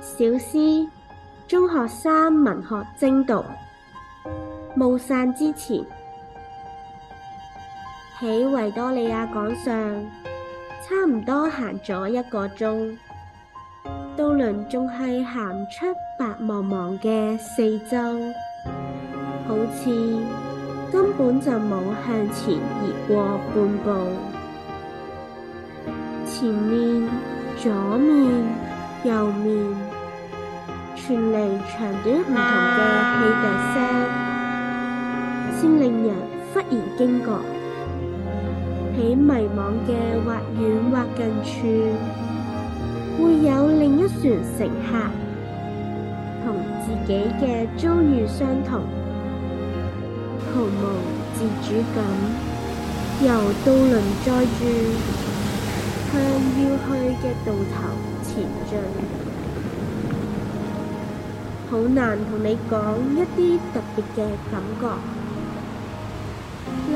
小思，中學生文學精讀。霧散之前，喺維多利亞港上，差唔多行咗一個鐘，渡輪仲係行出白茫茫嘅四周，好似根本就冇向前移過半步。前面、左面、右面。傳嚟長短唔同嘅汽笛聲，先令人忽然驚覺。喺迷惘嘅或遠或近處，會有另一船乘客同自己嘅遭遇相同，毫無自主噉，由渡輪載住向要去嘅渡頭前進。好難同你講一啲特別嘅感覺，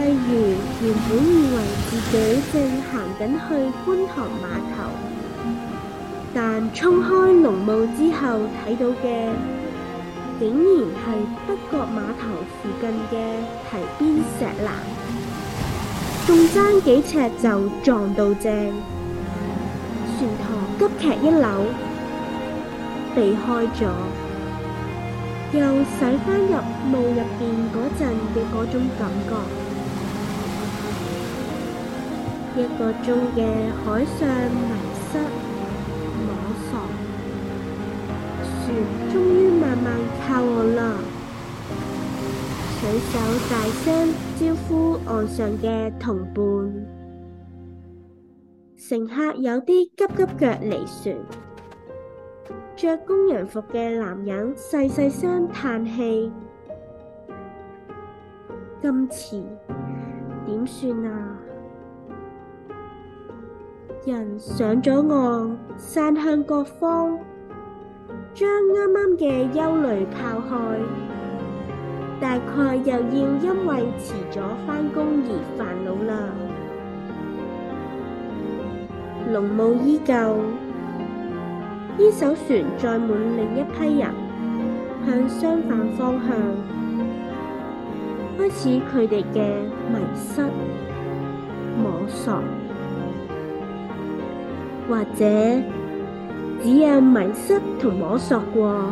例如原本以為自己正行緊去觀塘碼頭，但衝開濃霧之後睇到嘅，竟然係北角碼頭附近嘅堤邊石欄，仲爭幾尺就撞到正，船頭急劇一扭，避開咗。又駛返入霧入邊嗰陣嘅嗰種感覺，一個鐘嘅海上迷失摸索，船終於慢慢靠岸啦！水手大聲招呼岸上嘅同伴，乘客有啲急急腳離船。着工人服嘅男人細細聲嘆氣，咁遲點算啊？人上咗岸，散向各方，將啱啱嘅憂慮拋開，大概又要因為遲咗返工而煩惱啦。濃霧依舊。呢艘船載滿另一批人，向相反方向，開始佢哋嘅迷失、摸索，或者只有迷失同摸索過，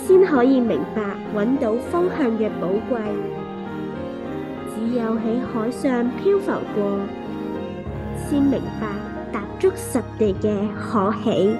先可以明白搵到方向嘅寶貴。只有喺海上漂浮過，先明白踏足實地嘅可喜。